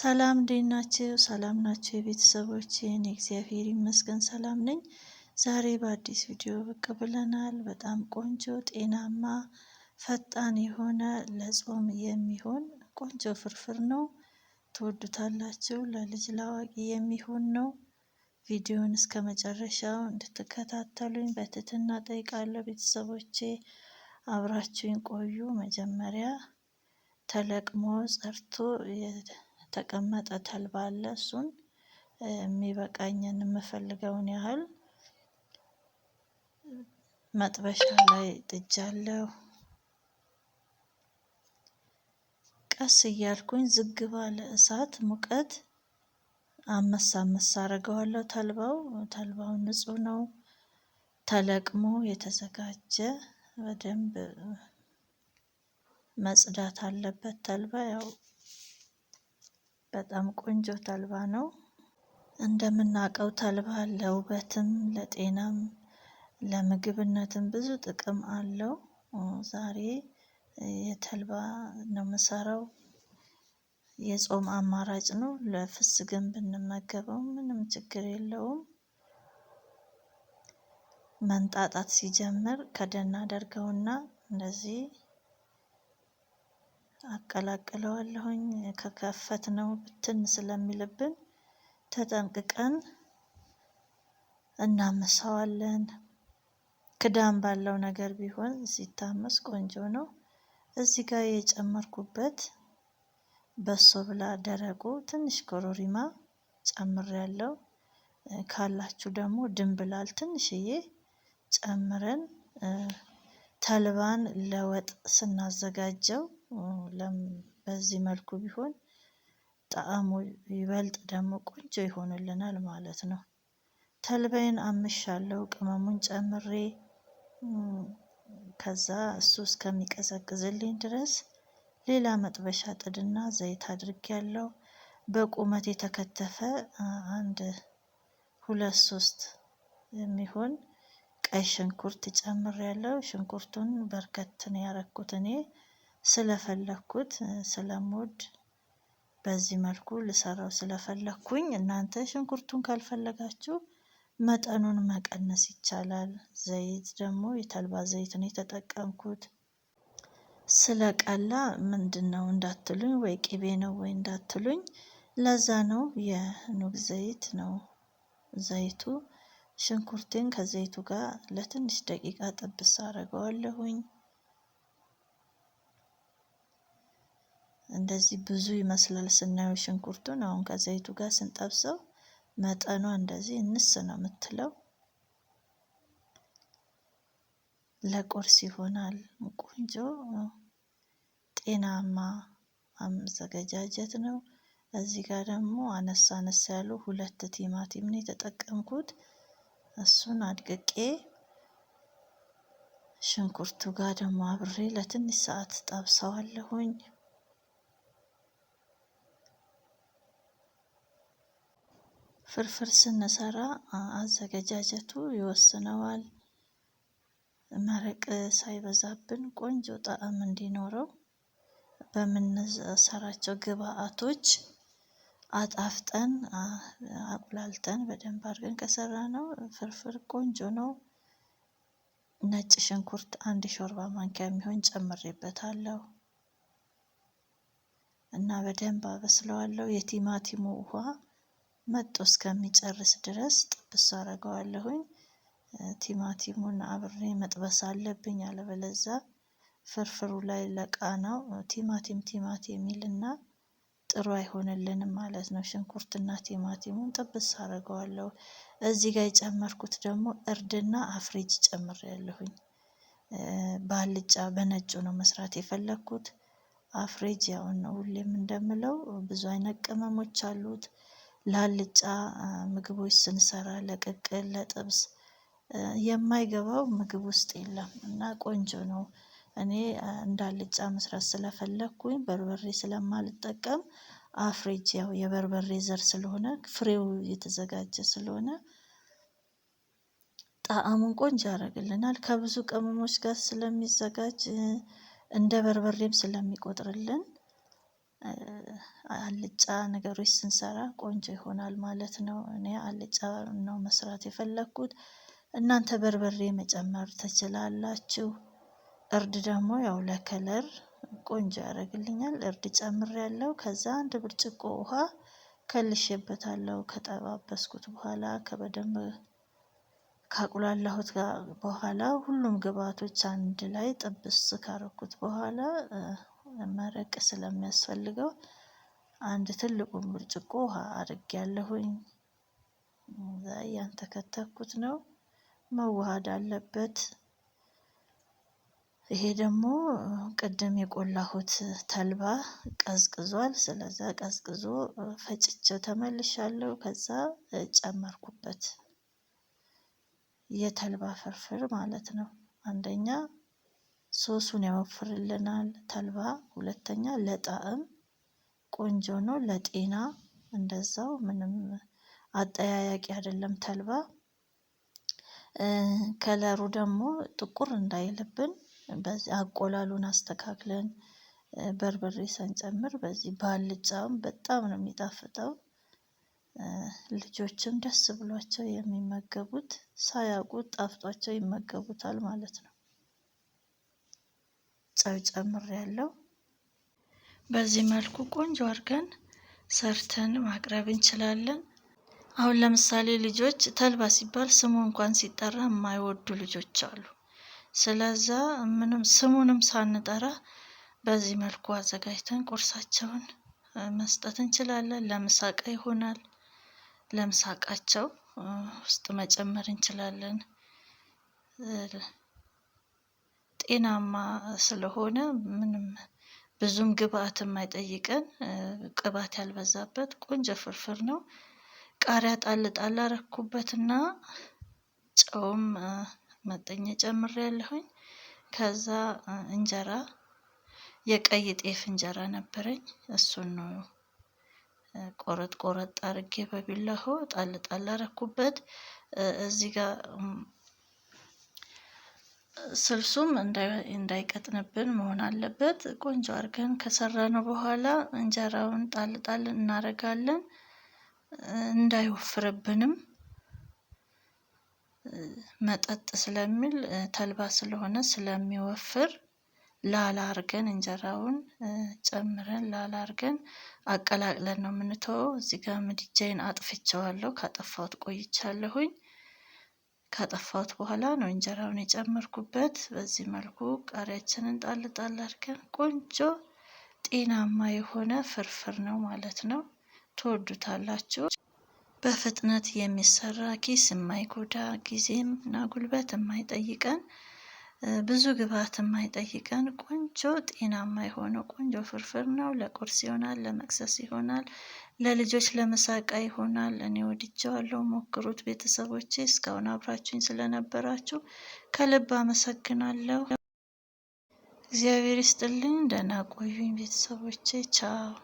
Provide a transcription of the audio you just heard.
ሰላም እንዴት ናችሁ? ሰላም ናችሁ? የቤተሰቦች እኔ እግዚአብሔር ይመስገን ሰላም ነኝ። ዛሬ በአዲስ ቪዲዮ ብቅ ብለናል። በጣም ቆንጆ ጤናማ ፈጣን የሆነ ለጾም የሚሆን ቆንጆ ፍርፍር ነው። ትወዱታላችሁ። ለልጅ ለአዋቂ የሚሆን ነው። ቪዲዮን እስከ መጨረሻው እንድትከታተሉኝ በትህትና ጠይቃለሁ። ቤተሰቦቼ አብራችሁኝ ቆዩ። መጀመሪያ ተለቅሞ ጸርቶ ተቀመጠ ተልባ አለ እሱን የሚበቃኝን የምፈልገውን ያህል መጥበሻ ላይ ጥጃለሁ። ቀስ እያልኩኝ ዝግ ባለ እሳት ሙቀት አመሳ አመሳ አድርገዋለሁ ተልባው ተልባው ንጹህ ነው። ተለቅሞ የተዘጋጀ በደንብ መጽዳት አለበት። ተልባ ያው በጣም ቆንጆ ተልባ ነው። እንደምናውቀው ተልባ ለውበትም፣ ለጤናም፣ ለምግብነትም ብዙ ጥቅም አለው። ዛሬ የተልባ ነው የምሰራው። የጾም አማራጭ ነው። ለፍስግን ብንመገበው ምንም ችግር የለውም። መንጣጣት ሲጀምር ከደን አደርገውና እንደዚህ አቀላቅለዋለሁኝ ከከፈት ነው ብትን ስለሚልብን ተጠንቅቀን እናመሰዋለን። ክዳን ባለው ነገር ቢሆን ሲታመስ ቆንጆ ነው። እዚህ ጋር የጨመርኩበት በሶ ብላ ደረቁ ትንሽ ኮሮሪማ ያለው ካላችሁ ደግሞ ድንብላል ትንሽዬ ጨምረን ተልባን ለወጥ ስናዘጋጀው በዚህ መልኩ ቢሆን ጣዕሙ ይበልጥ ደግሞ ቆንጆ ይሆንልናል ማለት ነው። ተልባዬን አምሻለሁ ቅመሙን ጨምሬ ከዛ እሱ እስከሚቀዘቅዝልኝ ድረስ ሌላ መጥበሻ ጥድና ዘይት ያለው በቁመት የተከተፈ አንድ ሁለት ሶስት የሚሆን ቀይ ሽንኩርት ጨምሬያለሁ ሽንኩርቱን በርከት ነው ያረኩት እኔ ስለፈለኩት ስለምወድ በዚህ መልኩ ልሰራው ስለፈለኩኝ እናንተ ሽንኩርቱን ካልፈለጋችሁ መጠኑን መቀነስ ይቻላል። ዘይት ደግሞ የተልባ ዘይት ነው የተጠቀምኩት። ስለቀላ ምንድነው እንዳትሉኝ ወይ ቅቤ ነው ወይ እንዳትሉኝ ለዛ ነው የኑግ ዘይት ነው። ዘይቱ ሽንኩርቴን ከዘይቱ ጋር ለትንሽ ደቂቃ ጥብስ አረገዋለሁኝ። እንደዚህ ብዙ ይመስላል ስናየው ሽንኩርቱን። አሁን ከዘይቱ ጋር ስንጠብሰው መጠኗ እንደዚህ እንስ ነው የምትለው። ለቁርስ ይሆናል። ቆንጆ ጤናማ አመዘገጃጀት ነው። እዚህ ጋር ደግሞ አነስ አነስ ያሉ ሁለት ቲማቲም ነው የተጠቀምኩት። እሱን አድቅቄ ሽንኩርቱ ጋር ደግሞ አብሬ ለትንሽ ሰዓት ጠብሰዋለሁኝ። ፍርፍር ስንሰራ አዘገጃጀቱ ይወስነዋል። መረቅ ሳይበዛብን ቆንጆ ጣዕም እንዲኖረው በምንሰራቸው ግብአቶች አጣፍጠን አቁላልጠን በደንብ አድርገን ከሰራ ነው ፍርፍር ቆንጆ ነው። ነጭ ሽንኩርት አንድ ሾርባ ማንኪያ የሚሆን ጨምሬበታለሁ እና በደንብ አበስለዋለሁ። የቲማቲሙ ውሃ መጦ እስከሚጨርስ ድረስ ጥብስ አደርገዋለሁኝ። ቲማቲሙን አብሬ መጥበስ አለብኝ አለበለዛ ፍርፍሩ ላይ ነው ቲማቲም ቲማቲም ይልና ጥሩ አይሆንልንም ማለት ነው። ሽንኩርትና ቲማቲሙን ጥብስ አደርገዋለሁ እዚህ ጋር የጨመርኩት ደግሞ እርድና አፍሬጅ ያለሁኝ በአልጫ በነጩ ነው መስራት የፈለኩት። አፍሬጅ ያው ነው ሁሌም እንደምለው ብዙ አይነት ቅመሞች አሉት ለአልጫ ምግቦች ስንሰራ፣ ለቅቅል፣ ለጥብስ የማይገባው ምግብ ውስጥ የለም እና ቆንጆ ነው። እኔ እንደ አልጫ መስራት ስለፈለኩኝ በርበሬ ስለማልጠቀም አፍሬጅ ያው የበርበሬ ዘር ስለሆነ ፍሬው የተዘጋጀ ስለሆነ ጣዕሙን ቆንጆ ያደርግልናል። ከብዙ ቅመሞች ጋር ስለሚዘጋጅ እንደ በርበሬም ስለሚቆጥርልን አልጫ ነገሮች ስንሰራ ቆንጆ ይሆናል ማለት ነው። እኔ አልጫ ነው መስራት የፈለኩት። እናንተ በርበሬ መጨመር ትችላላችሁ። እርድ ደግሞ ያው ለከለር ቆንጆ ያደርግልኛል እርድ ጨምር ያለው ከዛ አንድ ብርጭቆ ውሃ ከልሼበታለሁ ከጠባበስኩት በኋላ ከበደንብ ካቁላላሁት በኋላ ሁሉም ግብአቶች አንድ ላይ ጥብስ ካረኩት በኋላ መረቅ ስለሚያስፈልገው አንድ ትልቁን ብርጭቆ ውሃ አድርጌያለሁኝ። እዛ እያንተከተኩት ነው መዋሃድ አለበት። ይሄ ደግሞ ቅድም የቆላሁት ተልባ ቀዝቅዟል። ስለዛ ቀዝቅዞ ፈጭቸው ተመልሻለሁ። ከዛ ጨመርኩበት የተልባ ፍርፍር ማለት ነው። አንደኛ ሶሱን ያወፍርልናል ተልባ። ሁለተኛ ለጣዕም ቆንጆ ነው፣ ለጤና እንደዛው ምንም አጠያያቂ አይደለም ተልባ። ከለሩ ደግሞ ጥቁር እንዳይልብን በዚህ አቆላሉን አስተካክለን በርበሬ ሳንጨምር በዚህ ባልጫም በጣም ነው የሚጣፍጠው። ልጆችም ደስ ብሏቸው የሚመገቡት ሳያውቁት ጣፍጧቸው ይመገቡታል ማለት ነው። ጨው ጨምር ያለው። በዚህ መልኩ ቆንጆ አድርገን ሰርተን ማቅረብ እንችላለን። አሁን ለምሳሌ ልጆች ተልባ ሲባል ስሙ እንኳን ሲጠራ የማይወዱ ልጆች አሉ። ስለዛ ምንም ስሙንም ሳንጠራ በዚህ መልኩ አዘጋጅተን ቁርሳቸውን መስጠት እንችላለን። ለምሳቃ ይሆናል። ለምሳቃቸው ውስጥ መጨመር እንችላለን። ጤናማ ስለሆነ ምንም ብዙም ግብአት የማይጠይቀን ቅባት ያልበዛበት ቆንጆ ፍርፍር ነው። ቃሪያ ጣል ጣል አረኩበትና ጨውም መጠኝ ጨምሬ ያለሁኝ። ከዛ እንጀራ የቀይ ጤፍ እንጀራ ነበረኝ እሱን ነው ቆረጥ ቆረጥ አርጌ በቢላሆ ጣል ጣል አረኩበት። እዚህ ጋር ስልሱም እንዳይቀጥንብን መሆን አለበት። ቆንጆ አድርገን ከሰራነው በኋላ እንጀራውን ጣል ጣል እናደርጋለን። እንዳይወፍርብንም መጠጥ ስለሚል ተልባ ስለሆነ ስለሚወፍር ላላ አርገን እንጀራውን ጨምረን ላላ አርገን አቀላቅለን ነው የምንተወው። እዚህ ጋር ምድጃዬን አጥፍቼዋለሁ። ካጠፋሁት ቆይቻለሁኝ። ካጠፋሁት በኋላ ነው እንጀራውን የጨመርኩበት። በዚህ መልኩ ቃሪያችንን ጣል ጣል አድርገን ቆንጆ ጤናማ የሆነ ፍርፍር ነው ማለት ነው። ትወዱታላችሁ። በፍጥነት የሚሰራ ኪስ የማይጎዳ ጊዜም እና ጉልበት የማይጠይቀን ብዙ ግብአት የማይጠይቀን ቆንጆ ጤናማ የሆነው ቆንጆ ፍርፍር ነው። ለቁርስ ይሆናል፣ ለመቅሰስ ይሆናል፣ ለልጆች ለምሳቃ ይሆናል። እኔ ወድጀዋለሁ፣ ሞክሩት ቤተሰቦቼ። እስካሁን አብራችሁኝ ስለነበራችሁ ከልብ አመሰግናለሁ። እግዚአብሔር ይስጥልኝ። ደህና ቆዩኝ ቤተሰቦቼ። ቻው